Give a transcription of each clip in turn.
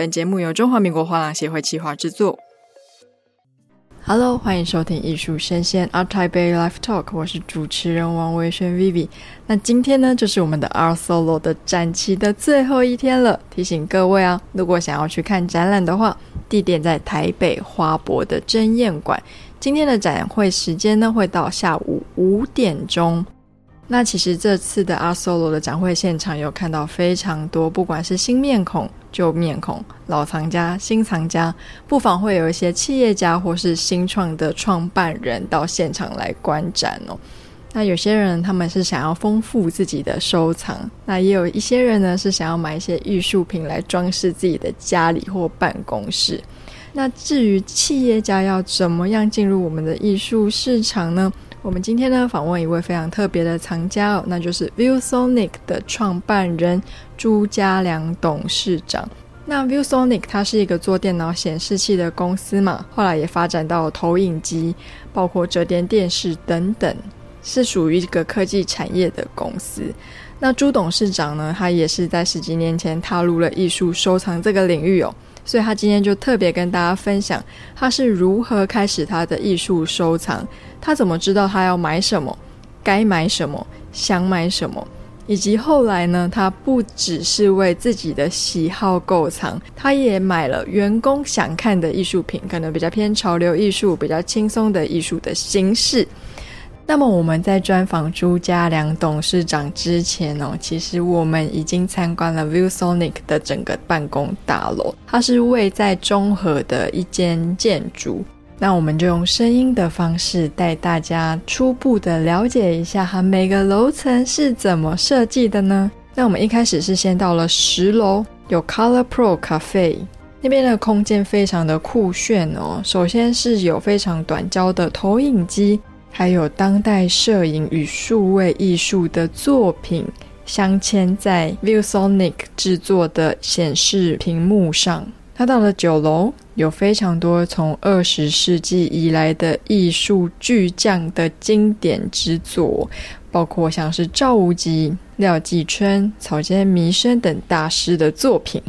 本節目由中華民國畫廊協會企劃制作。Hello，歡迎收聽藝術聲鮮 Art Taipei Live Talk，我是主持人王維軒 Vivi。那今天呢，就是我們的 ART SOLO 的展期的最後一天了。提醒各位啊，如果想要去看展覽的話，地點在台北花博的爭艷館。今天的展會時間呢，會到下午五點鐘。那其實這次的阿 Solo 的展會現場有看到非常多，不管是新面孔、舊面孔、老藏家、新藏家，不妨會有一些企業家或是新創的創辦人到現場來觀展哦。那有些人他們是想要豐富自己的收藏，那也有一些人呢是想要買一些藝術品來裝飾自己的家裡或辦公室。那至於企業家要怎麼樣進入我們的藝術市場呢？我們今天呢，訪問一位非常特別的藏家哦，那就是 ViewSonic 的創辦人朱家良董事長。那 ViewSonic 它是一個做電腦顯示器的公司嘛，後來也發展到投影機，包括折疊電視等等，是屬於一個科技產業的公司。那朱董事長呢，他也是在十幾年前踏入了藝術收藏這個領域哦，所以他今天就特別跟大家分享他是如何開始他的藝術收藏。他怎麼知道他要買什麼，該買什麼，想買什麼，以及後來呢，他不只是為自己的喜好購藏，他也買了員工想看的藝術品，可能比較偏潮流藝術，比較輕鬆的藝術的形式。那麼我們在專訪朱家良董事長之前哦，其實我們已經參觀了 ViewSonic 的整個辦公大樓，它是位在中和的一間建築。那我們就用聲音的方式帶大家初步的了解一下哈，每個樓層是怎麼設計的呢？那我們一開始是先到了十樓，有 Color Pro Cafe，那邊的空間非常的酷炫哦。首先是有非常短焦的投影機，還有當代攝影與數位藝術的作品鑲嵌在 ViewSonic 製作的顯示屏幕上。它到了九樓。有非常多從二十世紀以來的藝術巨匠的經典之作，包括像是趙無極、廖繼春、草間彌生等大師的作品。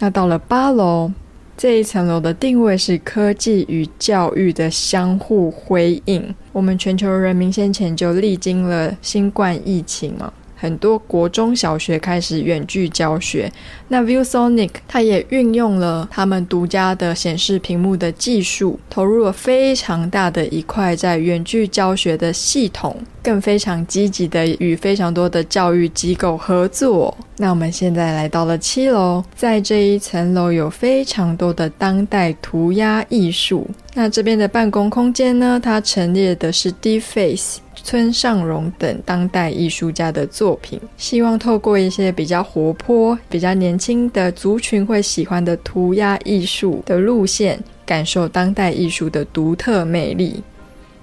那到了八樓，這一層樓的定位是科技與教育的相互輝映。我們全球人民先前就歷經了新冠疫情嘛、哦。很多國中小學開始遠距教學，那 ViewSonic 它也運用了他們獨家的顯示屏幕的技術，投入了非常大的一塊在遠距教學的系統，更非常積極地與非常多的教育機構合作。那我們現在來到了七樓，在這一層樓有非常多的當代塗鴉藝術。那這邊的辦公空間呢，它陳列的是 Deface、Face、村上隆等當代藝術家的作品，希望透過一些比較活潑、比較年輕的族群會喜歡的塗鴉藝術的路線，感受當代藝術的獨特魅力。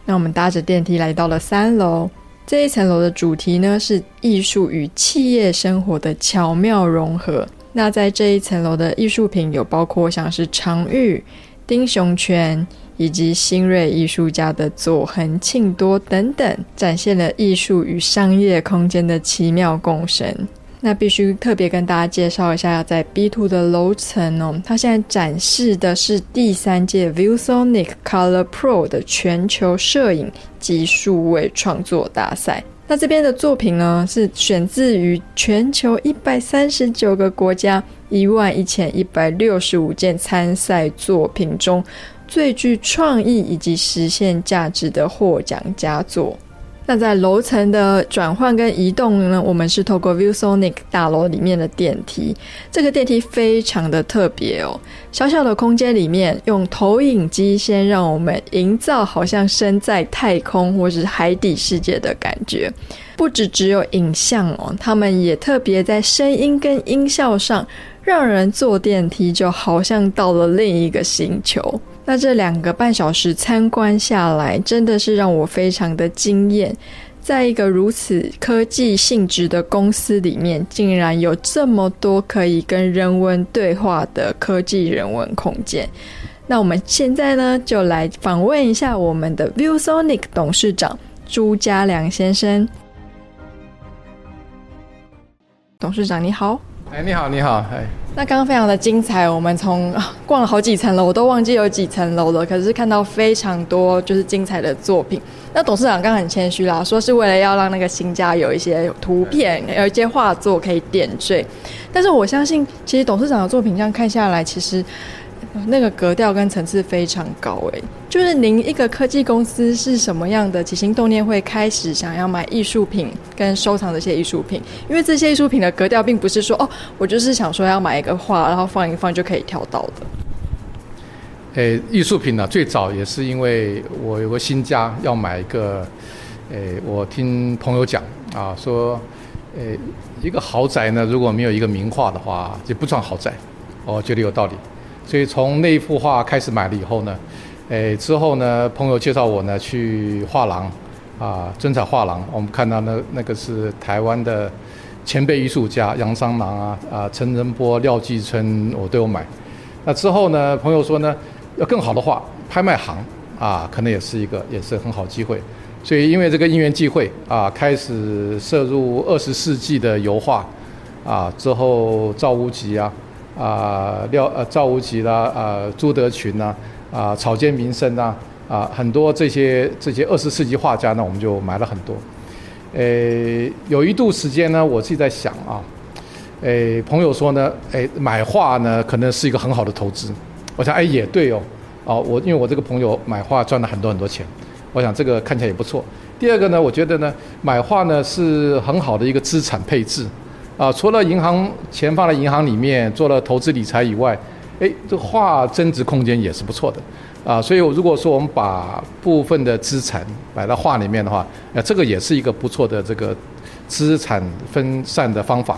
那我們搭着電梯來到了三樓，這一層樓的主題呢是藝術與企業生活的巧妙融合。那在這一層樓的藝術品有包括像是常玉。丁雄泉以及新銳藝術家的佐恆慶多等等，展現了藝術與商業空間的奇妙共生。那必須特別跟大家介紹一下，在 B two 的樓層哦，他現在展示的是第三屆 ViewSonic Color Pro 的全球攝影及數位創作大賽。那這邊的作品呢，是選自於全球一百三十九個國家一萬一千一百六十五件參賽作品中，最具創意以及實現價值的獲獎佳作。那在樓層的轉換跟移動呢？我們是透過 ViewSonic 大樓裡面的電梯。這個電梯非常的特別哦，小小的空間裡面用投影機先讓我們營造好像身在太空或者是海底世界的感覺。不只只有影像哦，他們也特別在聲音跟音效上，讓人坐電梯就好像到了另一個星球。那這兩個半小時參觀下來，真的是讓我非常的驚艷。在一個如此科技性質的公司裡面，竟然有這麼多可以跟人文對話的科技人文空間。那我們現在呢，就來訪問一下我們的 ViewSonic 董事長朱家良先生。董事長你好，哎，你好，你好，哎。那剛剛非常的精彩，我們從、啊、逛了好幾層樓，我都忘記有幾層樓了。可是看到非常多就是精彩的作品。那董事長剛剛很謙虛啦，說是為了要讓那個新家有一些圖片，有一些畫作可以點綴。但是我相信，其實董事長的作品這樣看下來，其實。那個格調跟層次非常高哎，就是您一個科技公司是什麼樣的起心動念會開始想要買藝術品跟收藏這些藝術品？因為這些藝術品的格調，並不是說哦，我就是想說要買一個畫，然後放一放就可以跳到的。哎，藝術品呢、啊，最早也是因為我有個新家要買一個，哎，我聽朋友講啊，說，哎，一個豪宅呢，如果沒有一個名畫的話，就不算豪宅。哦，我覺得有道理。所以從那一幅畫開始買了以後呢，誒，之後呢，朋友介紹我呢去畫廊，啊，尊彩畫廊，我們看到那那個是台灣的前輩藝術家楊三郎啊，啊，陳仁波、廖繼春，我都有買。那之後呢，朋友說呢，要更好的畫，拍賣行啊，可能也是一個也是個很好機會。所以因為這個因緣際會啊，開始涉入二十世紀的油畫，啊，之後趙無極啊。啊，廖呃趙無極啦、啊，啊，朱德群吶、啊，啊草間彌生吶、啊，啊很多這些這些二十世紀畫家呢，我們就買了很多。誒、哎，有一度時間呢，我自己在想啊，誒、哎、朋友說呢，誒、哎、買畫呢可能是一個很好的投資，我想哎也對哦，啊我因為我這個朋友買畫賺了很多很多錢，我想這個看起來也不錯。第二個呢，我覺得呢買畫呢是很好的一個資產配置。啊，除了銀行錢放在銀行裡面做了投資理財以外，哎，這畫增值空間也是不錯的，啊，所以如果說我們把部分的資產擺到畫裡面的話，呃、啊，那這個也是一個不錯的這個資產分散的方法，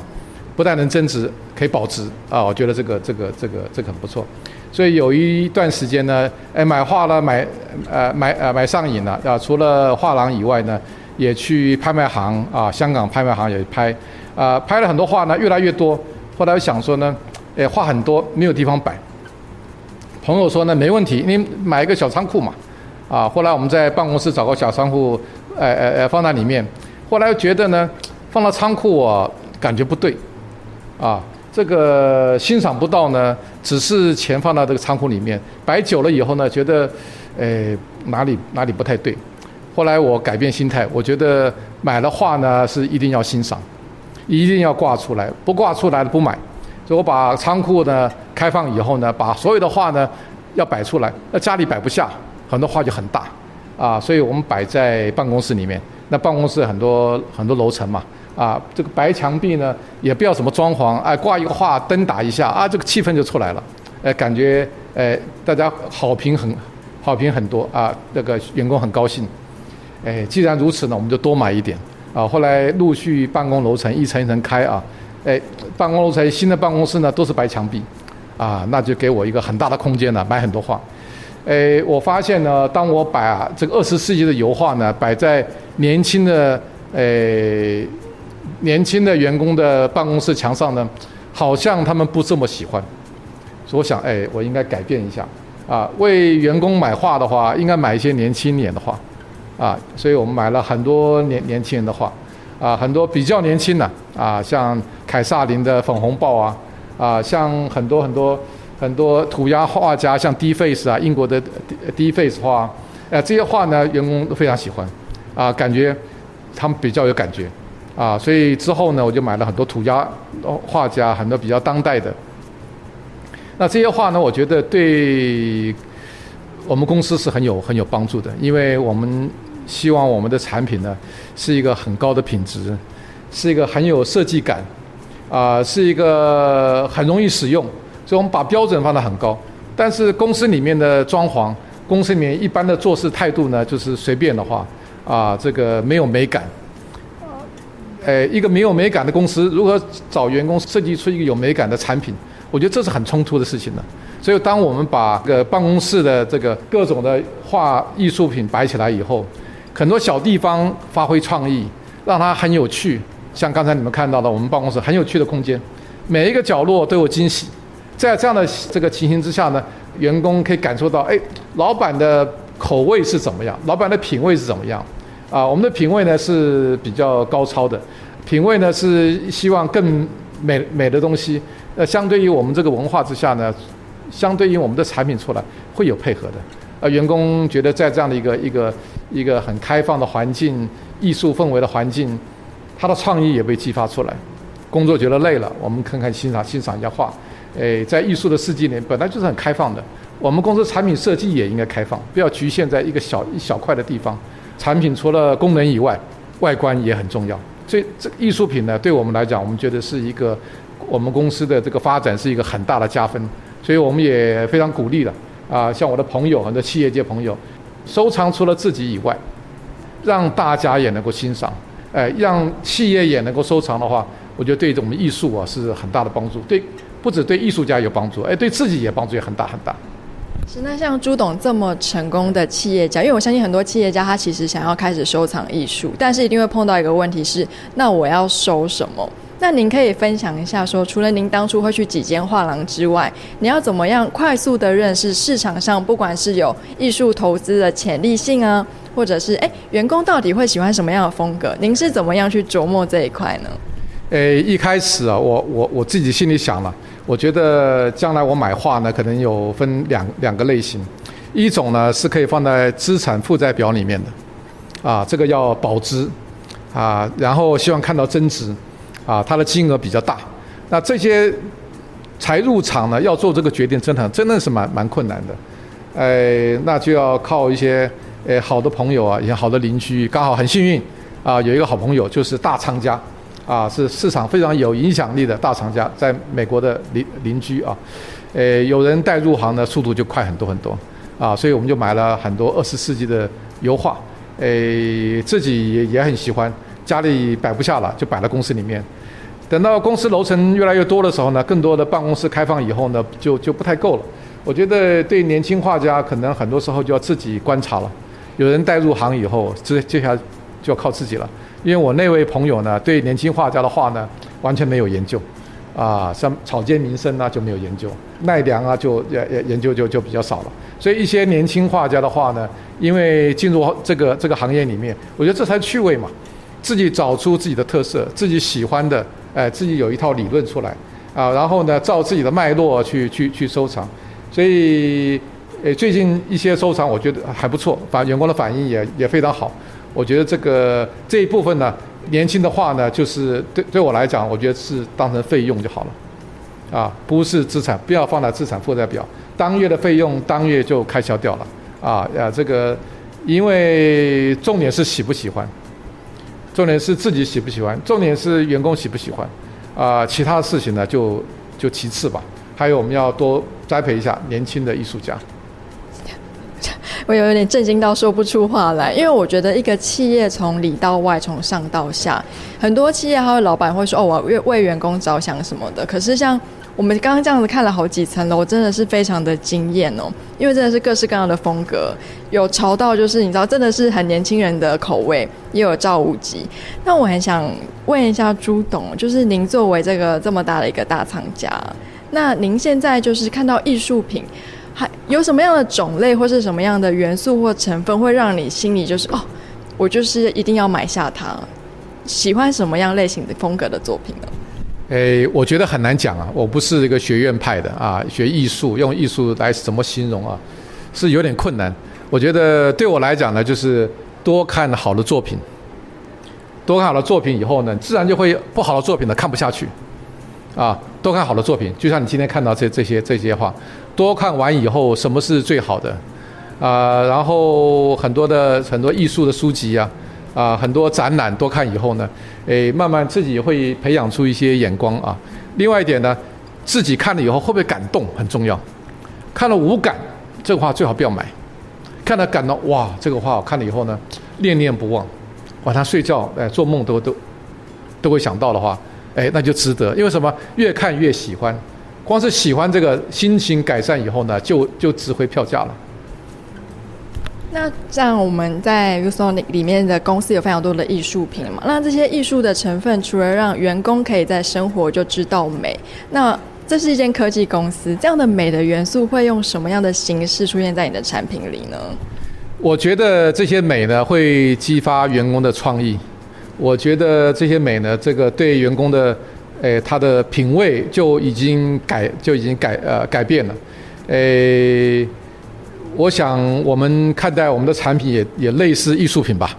不但能增值，可以保值，啊，我覺得這個這個這個這個很不錯，所以有一段時間呢，哎，買畫了，買呃買呃買上癮了，啊，除了畫廊以外呢。也去拍賣行啊，香港拍賣行也拍，啊、呃，拍了很多畫呢，越來越多。後來想說呢，誒，畫很多，沒有地方擺。朋友說呢，沒問題，你買一個小倉庫嘛，啊，後來我們在辦公室找個小倉庫，哎哎誒，放在裡面。後來又覺得呢，放到倉庫我、哦、感覺不對，啊，這個欣賞不到呢，只是錢放到這個倉庫裡面，擺久了以後呢，覺得，哎、呃，哪裡哪裡不太對。後來我改變心態，我覺得買了畫呢是一定要欣賞，一定要掛出來，不掛出來不買。所以我把倉庫呢開放以後呢，把所有的畫呢要擺出來。那家裡擺不下，很多畫就很大，啊，所以我們擺在辦公室裡面。那辦公室很多很多樓層嘛，啊，這個白牆壁呢也不要什麼裝潢，哎、啊，掛一個畫，燈打一下，啊，這個氣氛就出來了。哎，感覺哎，大家好評很，好評很多啊，這個員工很高興。哎，既然如此呢，我們就多買一點，啊，後來陸續辦公樓層一層一層開啊，哎，辦公樓層新的辦公室呢都是白牆壁，啊，那就給我一個很大的空間了，買很多畫，哎，我發現呢，當我把、啊、這個二十世紀的油畫呢擺在年輕的哎年輕的員工的辦公室牆上呢，好像他們不這麼喜歡，所以我想哎，我應該改變一下，啊，為員工買畫的話，應該買一些年輕一點的畫。啊，所以我們買了很多年年輕人的畫，啊，很多比較年輕的啊，啊，像凱薩琳的粉紅豹啊，啊，像很多很多很多塗鴉畫家，像 D Face 啊，英國的 D, D Face 畫啊，啊，這些畫呢，員工都非常喜歡，啊，感覺他們比較有感覺，啊，所以之後呢，我就買了很多塗鴉畫家，很多比較當代的，那這些畫呢，我覺得對我們公司是很有很有幫助的，因為我們。希望我們的產品呢是一個很高的品質，是一個很有設計感，啊、呃，是一個很容易使用。所以我們把標準放得很高。但是公司裡面的裝潢，公司裡面一般的做事態度呢，就是隨便的話，啊、呃，這個沒有美感。哎，一個沒有美感的公司，如何找員工設計出一個有美感的產品？我覺得這是很衝突的事情呢。所以，當我們把這個辦公室的這個各種的畫藝術品擺起來以後，很多小地方發揮創意，讓它很有趣。像剛才你們看到的，我們辦公室很有趣的空間，每一個角落都有驚喜。在這樣的這個情形之下呢，員工可以感受到，哎，老板的口味是怎麼樣，老板的品味是怎麼樣。啊，我們的品味呢是比較高超的，品味呢是希望更美美的東西。那，呃，相對於我們這個文化之下呢，相對於我們的產品出來會有配合的。呃，員工覺得在這樣的一個一個一個，一個很開放的環境、藝術氛圍的環境，他的創意也被激發出來。工作覺得累了，我們看看欣賞欣賞一下畫。哎，在藝術的世界裡，本來就是很開放的。我們公司產品設計也應該開放，不要局限在一個小一小塊的地方。產品除了功能以外，外觀也很重要。所以，這個藝術品呢，對我們來講，我們覺得是一個我們公司的這個發展是一個很大的加分。所以，我們也非常鼓勵的。啊，像我的朋友很多企業界朋友，收藏除了自己以外，讓大家也能夠欣賞，哎，讓企業也能夠收藏的話，我覺得對我們藝術啊是很大的幫助，對，不止對藝術家有幫助，哎，對自己也幫助也很大很大。是，那像朱董這麼成功的企業家，因為我相信很多企業家他其實想要開始收藏藝術，但是一定會碰到一個問題是，那我要收什麼？那您可以分享一下，說除了您當初會去幾間畫廊之外，你要怎麼樣快速的認識市場上，不管是有藝術投資的潛力性啊，或者是誒員工到底會喜歡什麼樣的風格，您是怎麼樣去琢磨這一塊呢？誒，一開始啊，我我我自己心裡想了，我覺得將來我買畫呢，可能有分兩兩個類型，一種呢是可以放在資產負債表裡面的，啊，這個要保值，啊，然後希望看到增值。啊，他的金額比較大，那這些才入場呢，要做這個決定，真的很，真的是蠻蠻困難的，哎，那就要靠一些哎好的朋友啊，也好的鄰居，剛好很幸運，啊，有一個好朋友就是大藏家，啊，是市場非常有影響力的大藏家，在美國的鄰鄰居啊，哎，有人帶入行呢，速度就快很多很多，啊，所以我們就買了很多二十世紀的油畫，哎，自己也也很喜歡，家裡擺不下了，就擺在公司裡面。等到公司樓層越來越多的時候呢，更多的辦公室開放以後呢，就就不太夠了。我覺得對年輕畫家可能很多時候就要自己觀察了。有人帶入行以後，這接下來就要靠自己了。因為我那位朋友呢，對年輕畫家的畫呢完全沒有研究，啊，像草間彌生啊就沒有研究，奈良啊就研研究就就比較少了。所以一些年輕畫家的話呢，因為進入這個這個行業裡面，我覺得這才趣味嘛，自己找出自己的特色，自己喜歡的。哎，自己有一套理論出來，啊，然後呢，照自己的脈絡去去去收藏，所以，呃，最近一些收藏我覺得還不錯，反員工的反應也也非常好，我覺得這個這一部分呢，年輕的話呢，就是對對我來講，我覺得是當成費用就好了，啊，不是資產，不要放在資產負債表，當月的費用當月就開銷掉了，啊呀，這個，因為重點是喜不喜歡。重點是自己喜不喜歡，重點是員工喜不喜歡，啊、呃，其他的事情呢就就其次吧。還有我們要多栽培一下年輕的藝術家。我有點震驚到說不出話來，因為我覺得一個企業從裡到外，從上到下，很多企業還有老闆會說哦，我要為員工着想什麼的，可是像。我們剛剛這樣子看了好幾層樓，我真的是非常的驚豔哦，因為真的是各式各樣的風格，有潮到就是你知道，真的是很年輕人的口味，也有趙無極。那我很想問一下朱董，就是您作為這個這麼大的一個大藏家，那您現在就是看到藝術品，還有什麼樣的種類或是什麼樣的元素或成分，會讓你心裡就是哦，我就是一定要買下它？喜歡什麼樣類型的風格的作品呢？哎，我覺得很難講啊！我不是一個學院派的啊，學藝術用藝術來怎麼形容啊，是有點困難。我覺得對我來講呢，就是多看好的作品，多看好的作品以後呢，自然就會不好的作品呢看不下去，啊，多看好的作品，就像你今天看到這這些這些畫，多看完以後什麼是最好的啊，呃？然後很多的很多藝術的書籍呀，啊。啊、呃，很多展覽多看以後呢，哎，慢慢自己會培養出一些眼光啊。另外一點呢，自己看了以後會不會感動很重要。看了無感，這個畫最好不要買。看了感到哇，這個畫我看了以後呢，念念不忘，晚上睡覺哎做夢都都都會想到的話，哎，那就值得。因為什麼？越看越喜歡，光是喜歡這個心情改善以後呢，就就值回票價了。那這樣，我們在 ViewSonic 裡面的公司有非常多的藝術品嘛。那這些藝術的成分，除了讓員工可以在生活就知道美，那這是一間科技公司，這樣的美的元素會用什麼樣的形式出現在你的產品裡呢？我覺得這些美呢，會激發員工的創意。我覺得這些美呢，這個對員工的，哎、欸，他的品味就已經改，就已經改呃改變了，哎、欸。我想，我們看待我們的產品也也類似藝術品吧，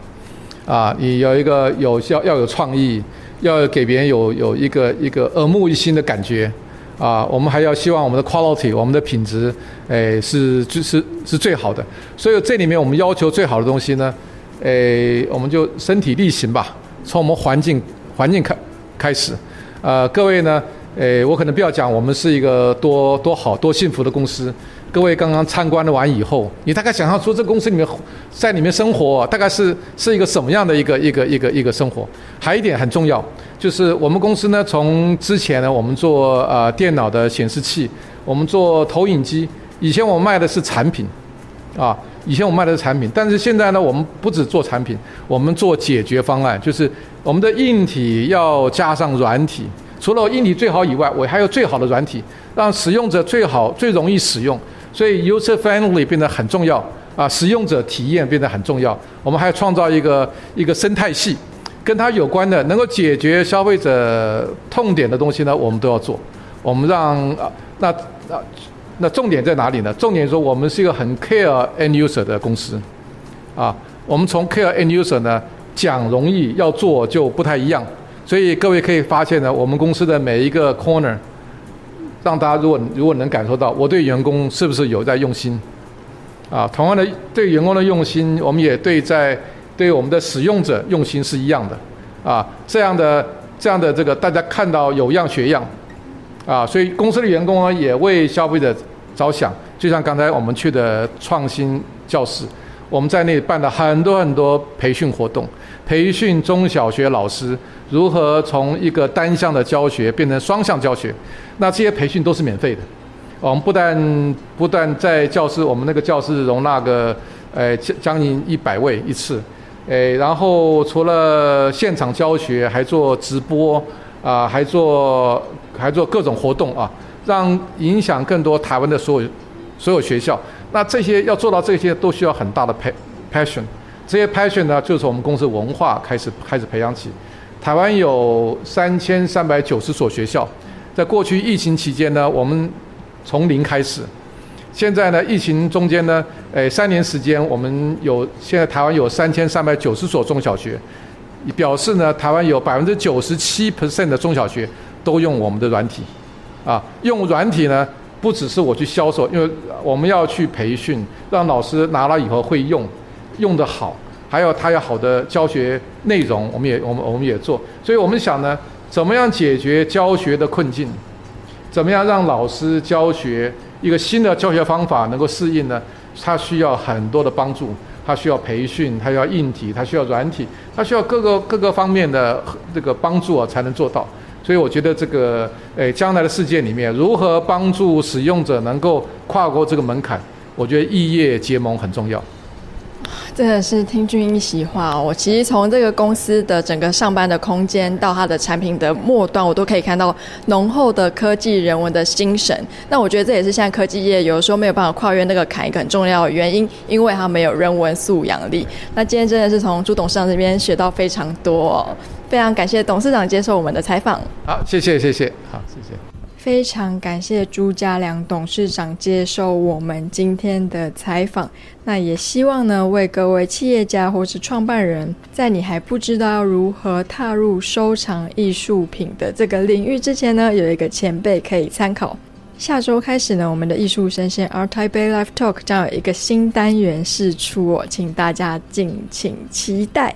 啊，你有一個有要要有創意，要給別人有有一個一個耳目一新的感覺，啊，我們還要希望我們的 quality，我們的品質，哎，是支持是是最好的。所以這裡面我們要求最好的東西呢，哎，我們就身體力行吧，從我們環境環境開開始，呃，各位呢，哎，我可能不要講我們是一個多多好多幸福的公司。各位剛剛參觀了完以後，你大概想象出這公司裡面，在裡面生活啊，大概是是一個什麼樣的一個一個一個一個生活？還有一點很重要，就是我們公司呢，從之前呢，我們做呃電腦的顯示器，我們做投影機，以前我們賣的是產品，啊，以前我們賣的是產品，但是現在呢，我們不止做產品，我們做解決方案，就是我們的硬體要加上軟體，除了硬體最好以外，我還有最好的軟體，讓使用者最好最容易使用。所以，user friendly 變得很重要啊，使用者體驗變得很重要。我們還要創造一個一個生態系，跟它有關的能夠解決消費者痛點的東西呢，我們都要做。我們讓啊，那啊，那重點在哪裡呢？重點是說，我們是一個很 care end user 的公司，啊，我們從 care end user 呢講容易，要做就不太一樣。所以各位可以發現呢，我們公司的每一個 corner。讓大家如果，如果能感受到我對員工是不是有在用心，啊，同樣的對員工的用心，我們也對在對我們的使用者用心是一樣的，啊，這樣的這樣的這個大家看到有樣學樣，啊，所以公司的員工呢也為消費者着想，就像剛才我們去的創新教室，我們在那裡辦了很多很多培訓活動。培訓中小學老師如何從一個單向的教學變成雙向教學，那這些培訓都是免費的。我們不但不但在教室，我們那個教室容納個，呃、哎，將將近一百位一次。誒、哎，然後除了現場教學，還做直播，啊，還做還做各種活動啊，讓影響更多台灣的所有所有學校。那這些要做到這些，都需要很大的 passion。這些 passion 呢，就從、是、我們公司文化開始開始培養起。台灣有三千三百九十所學校，在過去疫情期間呢，我們從零開始。現在呢，疫情中間呢，誒、哎，三年時間，我們有現在台灣有三千三百九十所中小學，表示呢，台灣有百分之九十七 percent 的中小學都用我們的軟體。啊，用軟體呢，不只是我去銷售，因為我們要去培訓，讓老師拿了以後會用。用得好，還有他有好的教學內容我，我們也我們我們也做，所以我們想呢，怎麼樣解決教學的困境？怎麼樣讓老師教學一個新的教學方法能夠適應呢？他需要很多的幫助，他需要培訓，他需要硬體，他需要軟體，他需要各個各個方面的這個幫助啊，才能做到。所以我覺得這個誒、哎，將來的世界裡面，如何幫助使用者能夠跨過這個門檻？我覺得異業結盟很重要。真的是聽君一席話，哦，我其實從這個公司的整個上班的空間到它的產品的末端，我都可以看到濃厚的科技人文的精神。那我覺得這也是現在科技業有的時候沒有辦法跨越那個坎一個很重要的原因，因為它沒有人文素養力。那今天真的是從朱董事長這邊學到非常多，哦，非常感謝董事長接受我們的採訪。好，謝謝，謝謝，好，謝謝。非常感謝朱家良董事長接受我們今天的採訪。那也希望呢，為各位企業家或是創辦人，在你還不知道要如何踏入收藏藝術品的這個領域之前呢，有一個前輩可以參考。下周開始呢，我們的藝術聲鮮 ART TAIPEI Live Talk 將有一個新單元釋出哦，請大家敬請期待。